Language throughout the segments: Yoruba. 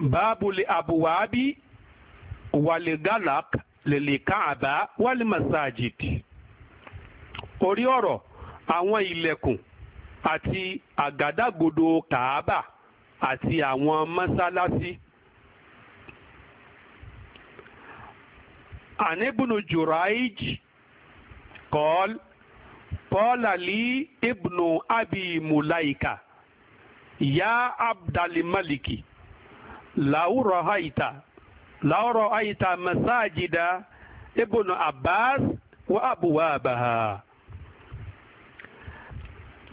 báàbùlì àbùwábí wàlégàlák lèlèkàbá wàlímàsáàjìd orí ọ̀rọ̀ àwọn ilẹ̀kùn àti àgádágodo kàábà àti àwọn mọ́sálásí. àníbùnú jùráìjì kọ́ọ́l pọ́ọ́lá lí ibùnú àbí mùláìkà yá abdalimaliki. láwùrọ̀ àìta láwùrọ̀ àìta masajida ibùnà abbas wa abuwa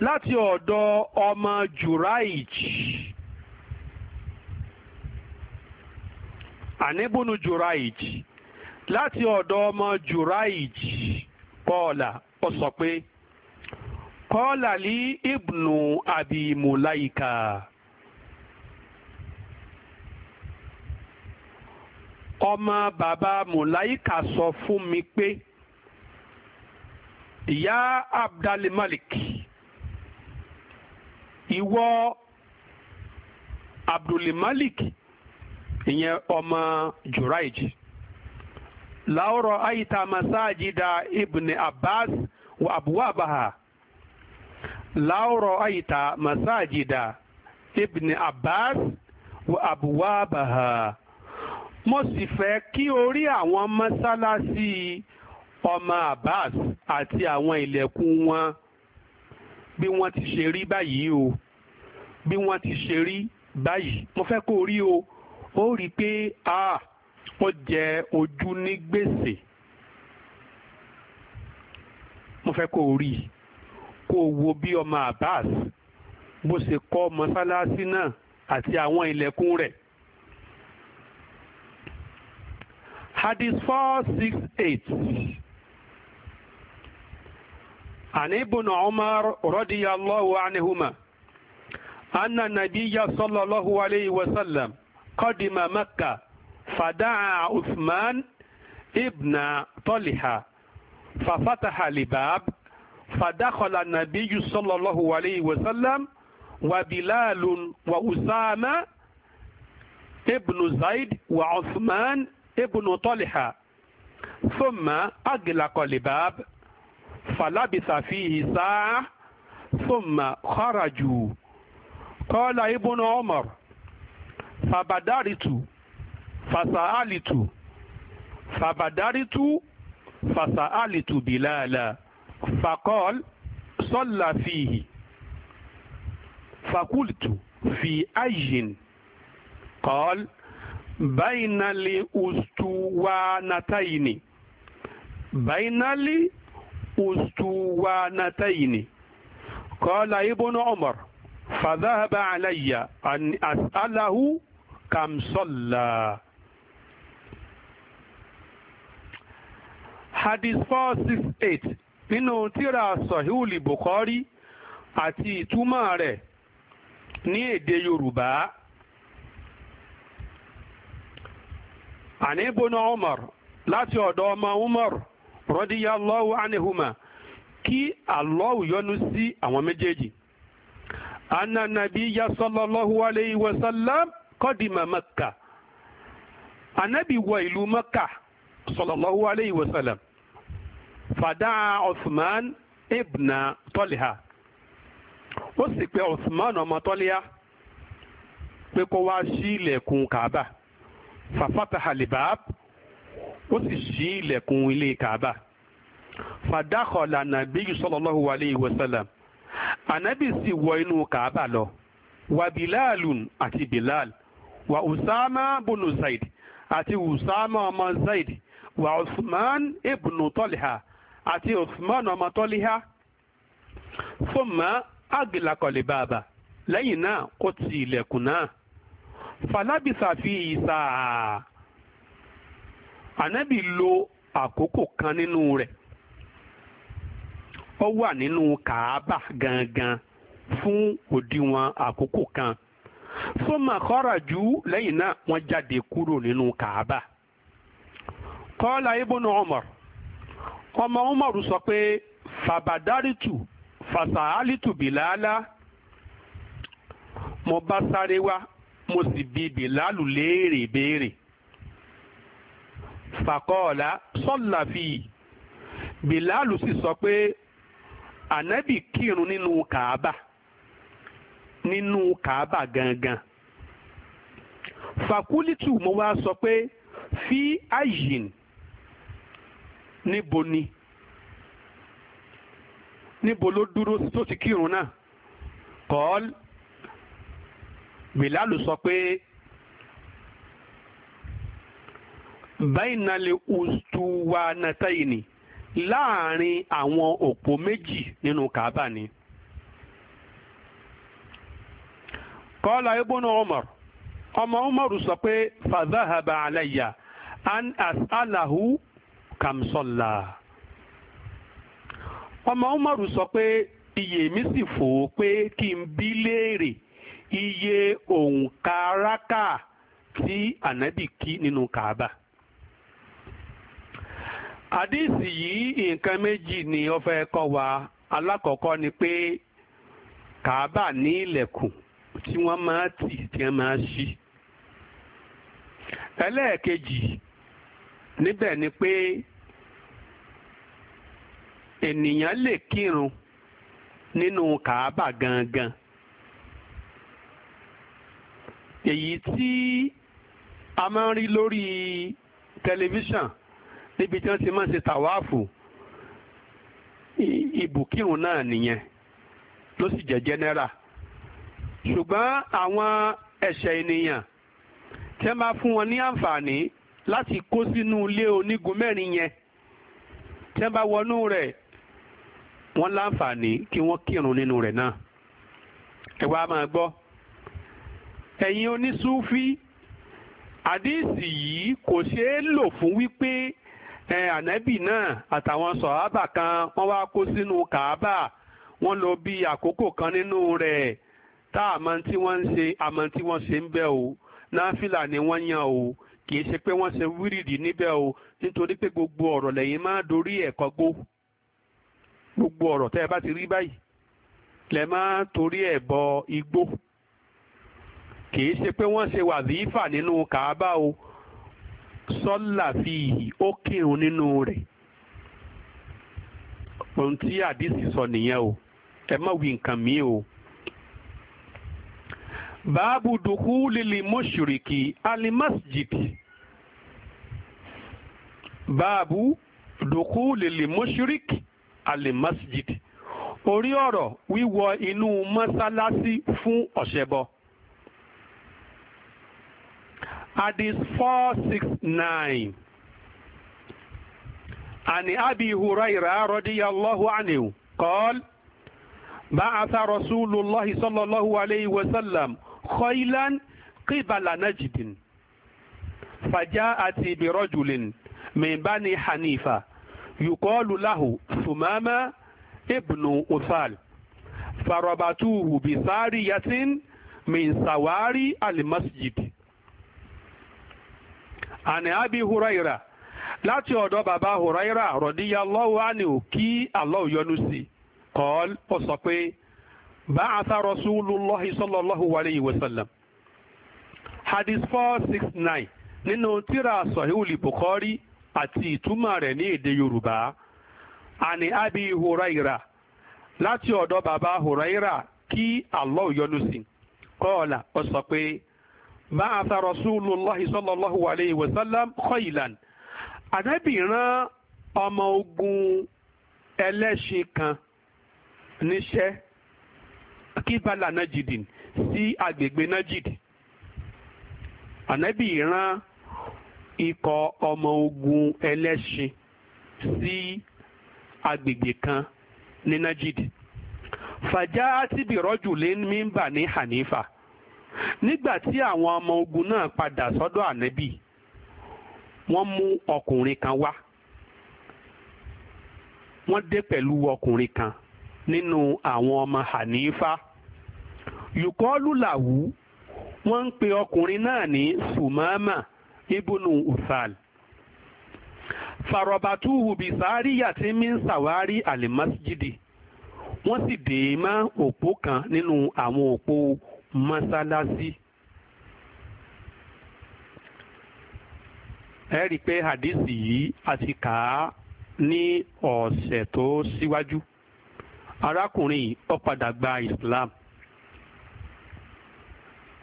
láti ọ̀dọ̀ ọmọ juraic àníbùnú juraic láti ọ̀dọ̀ ọmọ kọ́ọ̀là ó sọ pé kọ́ọ̀là lí ọmọ bàbá mùláyíkà sọ fún mi pé ìyá abdulmalik ìwọ abdulmalik ìyẹn ọmọ jùráìjì láwùrọ̀ àyíta masáàjìdá ibn abbas wa abwabaha mo sì fẹ́ kí orí àwọn mọ́sálásí ọmọ Abbas àti àwọn ilẹ̀kùn wọn bí wọ́n ti ṣe rí báyìí o bí wọ́n ti ṣe rí báyìí mo fẹ́ kó rí o ó rí pé a ó jẹ ojú ní gbèsè mo fẹ́ kó rí i kó o wo bí ọmọ Abbas bó ṣe kọ́ mọ́sálásí náà àti àwọn ilẹ̀kùn rẹ̀. hadith four six eight. عن ابن عمر رضي الله عنهما أن النبي صلى الله عليه وسلم قدم مكة فدعا عثمان ابن طلحة ففتح لباب فدخل النبي صلى الله عليه وسلم وبلال وأسامة ابن زيد وعثمان ibùnú tọ́lìhà fúnmà àgìlàkọ̀lìbàb fàlábìsàfì ìsá fúnmà kọ́rajù kọ́lá ibùnú ọmọr fàbàdàrìtù fàsàálìtù fàbàdàrìtù fàsàálìtù bìláàlà fàkọ́l sọ́là fìhì fàkúlìtù fi àyìn kọ́l bainali ustuwanataini bainali ustuwanataini qala ibnu umar fadhahaba alayya an as'alahu kam salla hadith 468 nínú tírà sahihul bukhari àti ìtumọ̀ rẹ̀ ní èdè yorùbá àní ibùnà Umar láti ọ̀dọ̀ ọmọ Umar radiyallahu anihuma kí Allah yọ́nú sí àwọn méjèèjì anna nabiyya sallallahu alayhi wa sallam qadima Makka anabi wọ ìlú Makka sallallahu alayhi wa sallam fadaa Uthman ibna Talha ó sì pè Uthman ọmọ Talha pé kó wá sí ilẹ̀kùn fàfàtà halibab ó sì ṣí ilẹ̀kùn ilé kaaba fàdákọ̀lá nàbíyù sallallahu alayhi wa sallam ànábì sì wọ inú kaaba lọ wa bilalun àti bilal wa usama bunu zaid àti usama ọmọ zaid wa usman ibnu tọ́lìhà àti usman ọmọ tọ́lìhà fún ma agilakọ̀lẹ̀ bàbà lẹ́yìn náà ó ti ilẹ̀kùn náà falábìsà fi ìsà ànábì lo àkókò kan nínú rẹ̀ ó wà nínú kàábà gangan fún òdiwọ̀n àkókò kan fúnma kọ́rajú lẹ́yìn náà wọ́n jáde kúrò nínú kàábà kọ́lá ibùnú Umar ọmọ Umar sọ pé fàbàdárìtù fàṣàálìtù bìlàálà mo bá sáré wá mo sì bi bìlálù léèrè béèrè fàkọọ̀lá sọ́làfì bìlálù sì sọ pé ànábì kírun nínú kàábà nínú kàábà gangan fàkúlítù mo wá sọ pé fi ayin níbo ni níbo ló dúró tó ti kírun náà kọ́ọ́lù. bilalu sọ pé bainali ustuwanataini láàrin àwọn òpó méjì nínú kaaba ni. kọ́lá ibùnú Umar ọmọ Umar sọ pé fadhahaba alayya an as'alahu kamsọ́la. ọmọ Umar sọ pé iyèmí sì fò ó pé kí n bí léèrè. iye òǹkà tí ànábì kí nínú Kaaba. àdìsí yìí nǹkan méjì ni ó fẹ́ kọ́ wa alákọ̀ọ́kọ́ ni pé Kaaba ní ilẹ̀kùn tí wọ́n máa tì tí wọ́n máa ṣí. ẹlẹ́ẹ̀kejì níbẹ̀ ni pé ènìyàn lè kírun nínú gangan. èyí tí a máa ń rí lórí tẹlifíṣàn níbi tí wọ́n ti máa ń ṣe tàwáàfù ibùkírùn náà nìyẹn ló sì jẹ́ general ṣùgbọ́n àwọn ẹ̀ṣẹ̀ ènìyàn tí wọ́n máa fún wọn ní àǹfààní láti kó sínú ilé onígun mẹ́rin yẹn tí bá wọnú rẹ̀ wọ́n láǹfààní kí wọ́n kírun nínú rẹ̀ náà ẹ wá máa gbọ́ ẹ̀yin onísúfí àdíìsì yìí kò ṣeé lò fún wípé ànábì náà àtàwọn sọ̀hábà kan wọ́n wá kó sínú kàábà wọ́n lò bí àkókò kan nínú rẹ̀ tá àmọ́ tí wọ́n ń ṣe àmọ́ tí wọ́n ṣe ń bẹ̀ o náfìlà ni wọ́n yàn o kì í ṣe pé wọ́n ṣe wírìdì níbẹ̀ o nítorí pé gbogbo ọ̀rọ̀ lẹ́yìn máa dorí ẹ̀kọ́ gbó gbogbo ọ̀rọ̀ tẹ́ ẹ bá ti rí báyìí lẹ́ máa torí ẹ̀ bọ igbó kìí ṣe pé wọ́n ṣe wàzífà nínú kàábà o sọ́là fìhì ó kírun nínú rẹ̀ ohun tí àdìsí sọ nìyẹn o ẹ má wí nǹkan mi o. báàbù dùkú lílì mọ́ṣúrìkì alimasjidi báàbù dùkú lílì mọ́ṣúrìkì alimasjidi orí ọ̀rọ̀ wíwọ inú mọ́sálásí fún ọ̀ṣẹbọ hadith 469 عن أبي هريرة رضي الله عنه قال بعث رسول الله صلى الله عليه وسلم خيلا قبل نجد فجاءت برجل من بني حنيفة يقال له ثمامة ابن أثال فربطوه بسارية من سواري المسجد àní abi huraira láti ọ̀dọ̀ bàbá huraira rọ̀díyà lọ́wọ́ àníò kí Allah yọ́nú sí kọ́ọ́l ó sọ pé ba'atha rasulullahi sallallahu alayhi wa sallam hadith four six nine nínú tírà sọ̀híwìlì bukhari àti ìtumọ̀ rẹ̀ ní èdè yorùbá àní abi huraira láti ọ̀dọ̀ bàbá huraira kí Allah yọ́nú sí kọ́ọ̀là ó sọ pé ba'atha rasulullahi sallallahu alayhi wa sallam khaylan ànábì rán ọmọ ogun ẹlẹ́ṣin kan níṣẹ́ kíbalà najidin sí agbègbè najid ànábì rán ikọ̀ ọmọ ogun ẹlẹ́ṣin sí agbègbè kan ní najid fàjá àtibìrọ́jù lé ní bani nígbà tí àwọn ọmọ ogun náà padà sọ́dọ̀ ànábì wọ́n mú ọkùnrin kan wá wọ́n dé pẹ̀lú ọkùnrin kan nínú àwọn ọmọ hanifa yòkọ́lù làwù wọ́n ń pe ọkùnrin náà ní sùmọ́mà ibùnú usal farobatuhu bisari yàtí min sawari alimasjidi wọ́n sì dè é mọ́ òpó kan nínú àwọn òpó Masalasi, ẹ rí i pé hadisi yìí a ti kà á ní ọ̀sẹ̀ tó síwájú arákùnrin ó padà gba Islam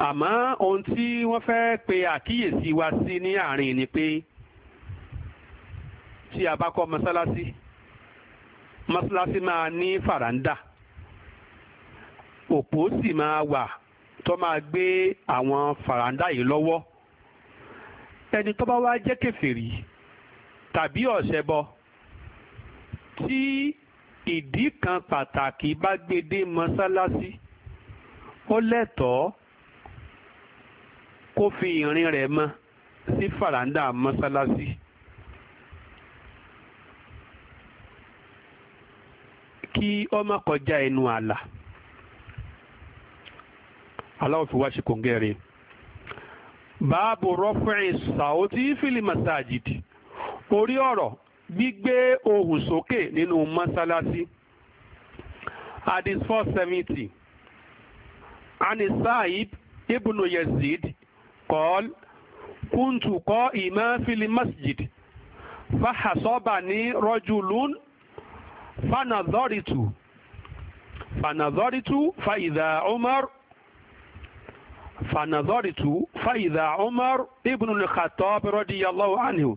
àmọ́ ohun tí wọ́n fẹ́ pe àkíyèsí wa sí ní àárín ni pé tí a bá kọ́ mọ́sálásí mọ́sálásí máa ní fàràǹdà òpó sì máa wà tó máa gbé àwọn fàràǹdà yìí lọ́wọ́ ẹni tó bá wá jẹ́ kèfèrí tàbí ọ̀ṣẹbọ tí ìdí kan pàtàkì bá gbé dé mọ́sálásí ó lẹ́tọ̀ọ́ kó fi ìrìn rẹ̀ mọ́ sí fàràǹdà mọ́sálásí. kí ó kọjá ẹnu ààlà aláwọ̀ fi wá ṣe kòǹgẹ́ rẹ̀ báàbò rọ́fẹ́rìn sàótì fílì masajidi orí ọ̀rọ̀ gbígbé ohùn sókè nínú mọ́sálásí hadith four seventy anisaib ibnu yazid kọ́ọ́l kúntù kọ́ ìmọ̀ fílì masjid fahasobani rọ́júlùún fanadọ́rìtù fanadọ́rìtù fàìdà umar. فنظرت فإذا عمر ابن الخطاب رضي الله عنه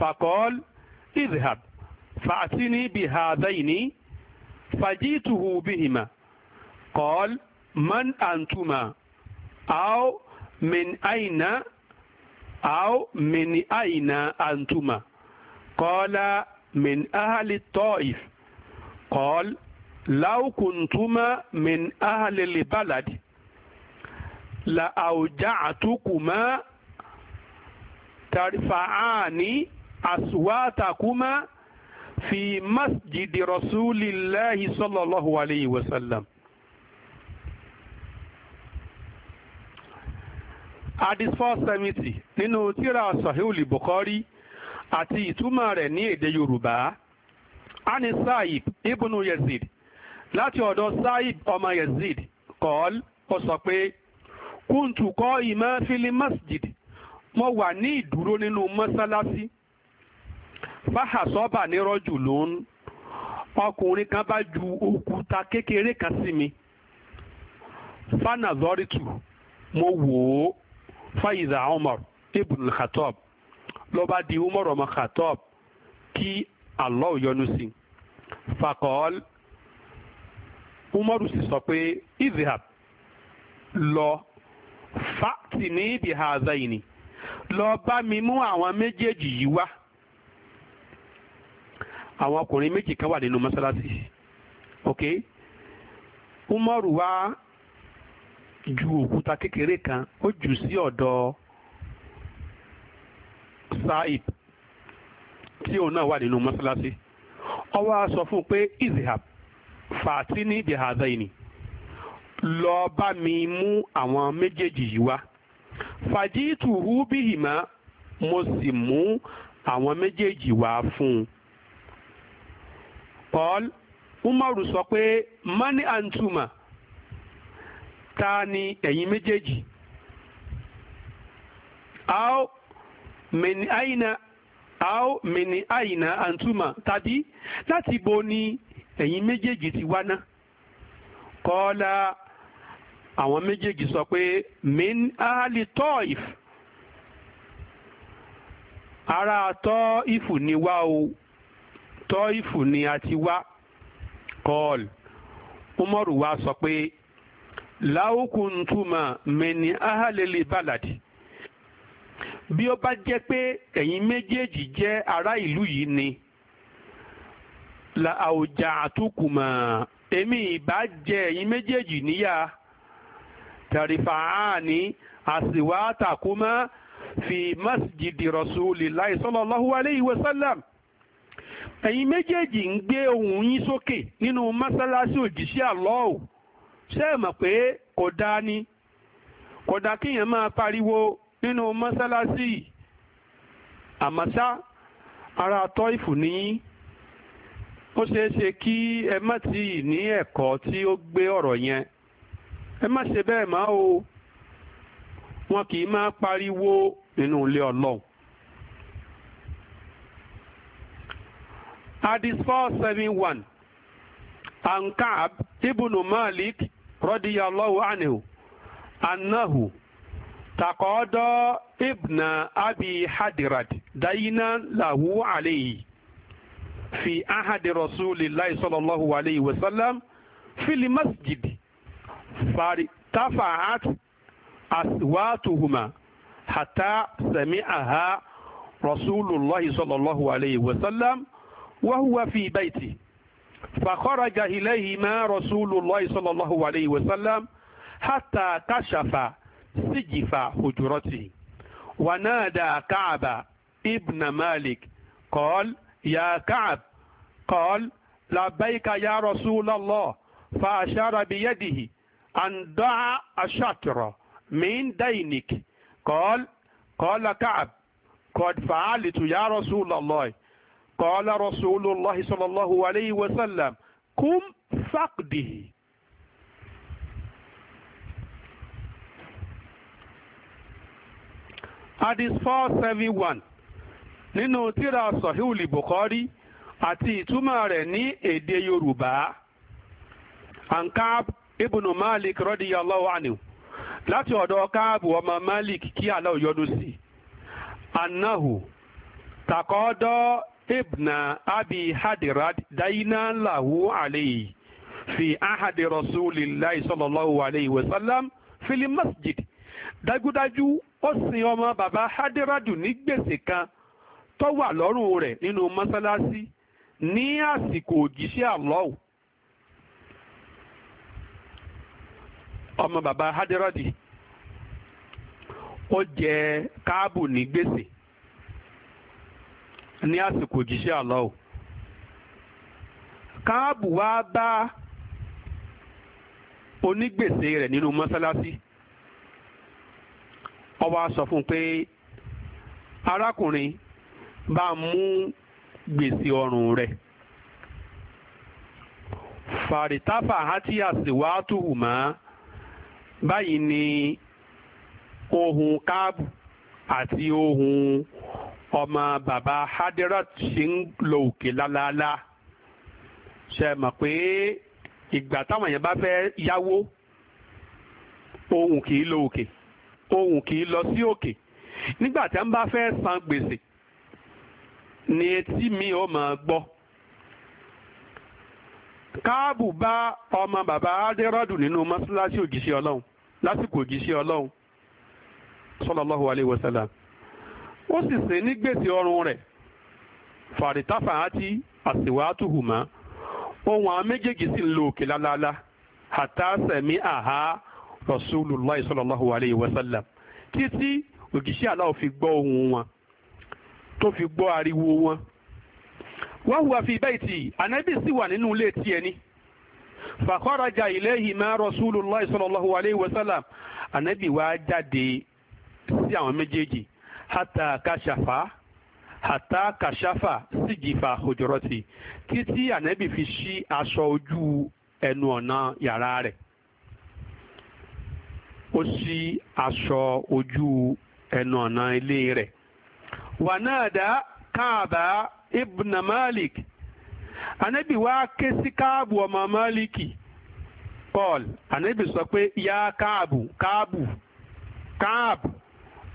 فقال اذهب فأتني بهذين فجئته بهما قال من أنتما أو من أين أو من أين أنتما قال من أهل الطائف قال لو كنتما من أهل البلد la àwùjá àtúkùmá tarfa'ani aswatakuma fi masjidi rasulillahi sallallahu alayhi wa sallam. Hadis 470 nínú tírà Sahihul Bukhari àti ìtumọ̀ rẹ̀ ní èdè Yorùbá. Ani Sa'ib Ibnu Yazid láti ọ̀dọ̀ Sa'ib ọmọ Yazid kọ́ọ́l ó sọ pé kúntù kọ́ ìmọ̀ fili masjid mo wà ní ìdúró nínú mọ́sálásí fáhà sọ́bà ní rọ́jù lòún ọkùnrin kan bá ju òkúta kékeré kan sí mi fana zọrìtù mo wò ó fayiza umar ibn khatab ló bá di umar ọmọ khatab kí allah yọ́nú sí fakọọl umar sì sọ pé izihab lọ áàtì ní ibi àzà ìní lọ bá mi mú àwọn méjèèjì yìí wá àwọn ọkùnrin méjì kan wà nínú mọ́sálásí ok umaru wa ju òkúta kékeré kan ó jù sí ọ̀dọ̀ saib tí òun náà wà nínú mọ́sálásí ó wá sọ fún un pé izihab fàtí ní ibi àzà ìní lọ bá mi mú àwọn méjèèjì yìí wá fàjítù hu bíhìmá mo sì mú àwọn méjèèjì wá fún un. paul umaru sọ pé mani antuma ta ni ẹ̀yin méjèèjì. ao mini aina ao mini aina antuma tàbí láti bo ni ẹ̀yin méjèèjì ti wá ná. kọ́lá àwọn méjèèjì sọ pé min ahali tọ́ìf ara tọ́ìfù ni wá o tọ́ìfù ni a ti wá kọ́ọ̀l umaru wa sọ pé láwùkùntùmọ̀ min ahali li baladi bí ó bá jẹ́ pé ẹ̀yin méjèèjì jẹ́ ará ìlú yìí ni la àwùjá àtúkùmọ̀ èmi ìbá jẹ ẹ̀yin méjèèjì níyà. tẹ̀rìfàáni àsìwá tàkúmá fi masjidi rasulillahi sallallahu alayhi wa sallam ẹ̀yin méjèèjì ń gbé ohùn yín sókè nínú mọ́sálásí òjíṣẹ́ àlọ́ọ̀ ṣé ẹ pé kò dá ni kò dáa kíyàn máa pariwo nínú mọ́sálásí àmọ́ṣá ara àtọ́ ìfù nìyí ó ṣeé ṣe kí ẹ má ti ní ẹ̀kọ́ tí ó gbé ọ̀rọ̀ yẹn ẹ má ṣe bẹ́ẹ̀ má o wọn kì í máa pariwo nínú ilé ọlọ́run. Hadith four seven one an Ka'ab ibnu Malik radiyallahu anhu annahu taqada ibna abi hadirat dayna lahu alayhi fi ahadi rasulillahi sallallahu alayhi wa sallam fil masjidi الكفار تفعت أصواتهما حتى سمعها رسول الله صلى الله عليه وسلم وهو في بيته فخرج إليهما رسول الله صلى الله عليه وسلم حتى كشف سجف حجرته ونادى كعب ابن مالك قال يا كعب قال لبيك يا رسول الله فأشار بيده أن دعا الشطر من دينك قال قال كعب قد فعلت يا رسول الله قال رسول الله صلى الله عليه وسلم قم فقده Hadith 471 nínú tíra Sahihul Bukhari àti ìtumọ̀ rẹ̀ ní èdè Yorùbá. Ankab ibùnù malik radiyallahu anhu láti ọ̀dọ̀ káàbù ọmọ malik kí Allah yọ́nú sí anahu takọ́dọ́ ibna abi hadirad dayina lahu alayhi fi ahadi rasulillahi sallallahu alayhi wa sallam fili masjid dájúdájú ó sin ọmọ bàbá hadiradu ní gbèsè kan tó wà lọ́rùn rẹ̀ nínú mọ́sálásí ní àsìkò òjíṣẹ́ àlọ́hùn ọmọ bàbá hadirodi ó jẹ káàbù ní gbèsè ní àsìkò òjíṣẹ́ àlọ́ káàbù wá bá onígbèsè rẹ̀ nínú mọ́sálásí ó wá sọ fún pé arákùnrin bá mú gbèsè ọrùn rẹ̀ fàrìtàfà àti àsìwá tuhùmọ́. báyìí ni ohun káàbù àti ohun ọmọ baba hadirat ṣe ń lo òkè lálaalá ṣe mọ̀ pé ìgbà táwọn èèyàn bá fẹ́ yáwó ohun kì í lo òkè ohun kì í lọ sí òkè nígbà tí wọ́n bá fẹ́ san gbèsè ni etí mi ò mọ̀ gbọ́ káàbù bá ọmọ bàbá hadirat nínú mọ́ṣáláṣí òjíṣẹ́ ọlọ́run lásìkò òjíṣẹ́ ọlọ́run sallallahu alaihi wasallam ó sì sè ní gbèsè ọrùn rẹ̀ fàrítàfà àti àsìwàátùhùmá ohun àwọn méjèèjì sì ń lo òkè lálálá àtàsẹ̀mí àhá rasulullah sallallahu alaihi wasallam títí òjíṣẹ́ Allah fi gbọ́ ohun wọn tó fi gbọ́ ariwo wọn wọ́n fi bẹ́ẹ̀ tì ànábì sì wà nínú ilé tiẹ̀ ni fàkọ́rajà ilayhi ma Rasulullahi sallallahu alayhi wa sallam ànábì wá jáde sí àwọn méjèèjì hàtà kàṣàfà hàtà kàṣàfà sì jìfà hujurati títí ànábì fi ṣí aṣọ ojú ẹnu ọ̀nà yàrá rẹ̀ ó ṣí aṣọ ojú ẹnu ọ̀nà ilé rẹ̀ wà náà dá káàbà ibn malik anabi wá ké sí káàbù ọmọ málìkì paul anabi sọ pé ya káàbù káàbù káàbù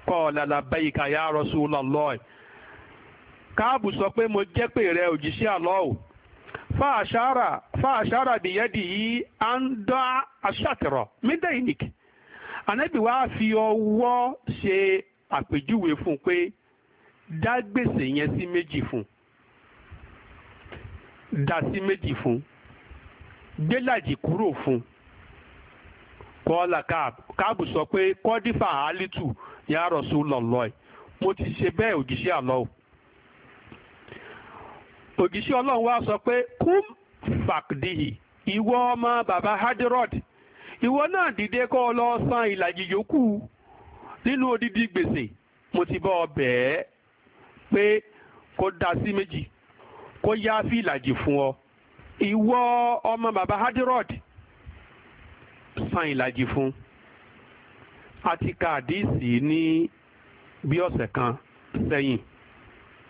paul alabayika ya Rasulullah káàbù sọ pé mo jẹ́ pé rẹ òjíṣẹ́ àlọ́ọ̀ fàṣàrà fàṣàrà bìyẹ́dì yìí à ń dá aṣàtìrọ̀ mídẹ́yìnìkì anabi wá fi ọwọ́ ṣe àpèjúwe fún un pé dá gbèsè yẹn sí méjì fún un. dasi meji fún gbélàjì kuro fún kọ́lá kabu sọ pé kọ́dífà hálítù ya Rasulullah ẹ̀ mo ti ṣe be òjíṣẹ́ àlọ́ òjíṣẹ́ ọlọ́run wá sọ pé kúm fàkdìhì ìwọ ọmọ bàbá hadirod ìwọ náà dìde kọ́ ọ lọ san ìlàjì yòókù nínú odidi gbèsè mo ti bọ́ ọ bẹ́ẹ̀ pé kó dasí méjì. kó yá fi ìlàjì fún ọ ìwọ ọmọ bàbá hadirod san ìlàjì fún àti ka àdíìsì ní bí ọ̀sẹ̀ kan sẹ́yìn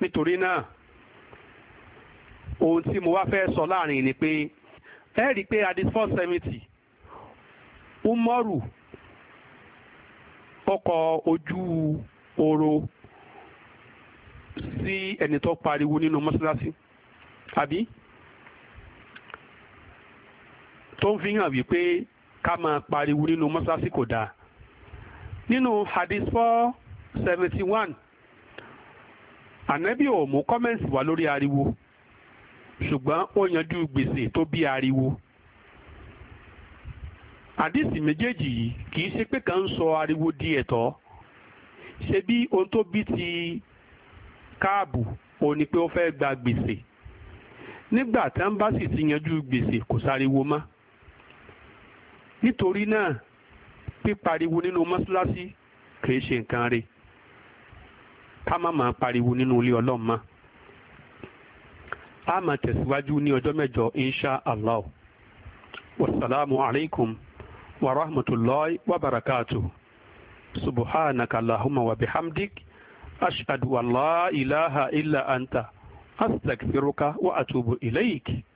nítorí náà ohun tí mo wá fẹ́ sọ láàrin ni pé ẹ rí i pé adis four seventy umoru ọkọ̀ ojú oro sí ẹni tó pariwo nínú mọ́ṣáláṣí. No àbí tó ń fi hàn wípé ká máa pariwo nínú mọ́sáàsì kò dáa nínú hadith four seventy one ànábì ò mú kọ́mẹ́ǹsì wá lórí ariwo ṣùgbọ́n ó yanjú gbèsè tó bí ariwo àdìsí méjèèjì yìí kì í ṣe pé kàn ń sọ ariwo di ẹ̀tọ́ ṣe bí ohun tó bí ti káàbù òun ni pé ó fẹ́ gba gbèsè nígbà tá ń bá sì ti yanjú gbèsè kò sáriwo mọ́ nítorí náà pípariwo nínú mọ́ṣáláṣí kìí ṣe nǹkan rẹ̀ ká má máa pariwo nínú ilé ọlọ́run mọ́ a máa tẹ̀síwájú ní ọjọ́ mẹ́jọ insha allah wasalaamu alaykum wa rahmatulahi wa barakatuh subhanaka allahumma wa bihamdik ashhadu an la ilaha illa anta. أستغفرك وأتوب إليك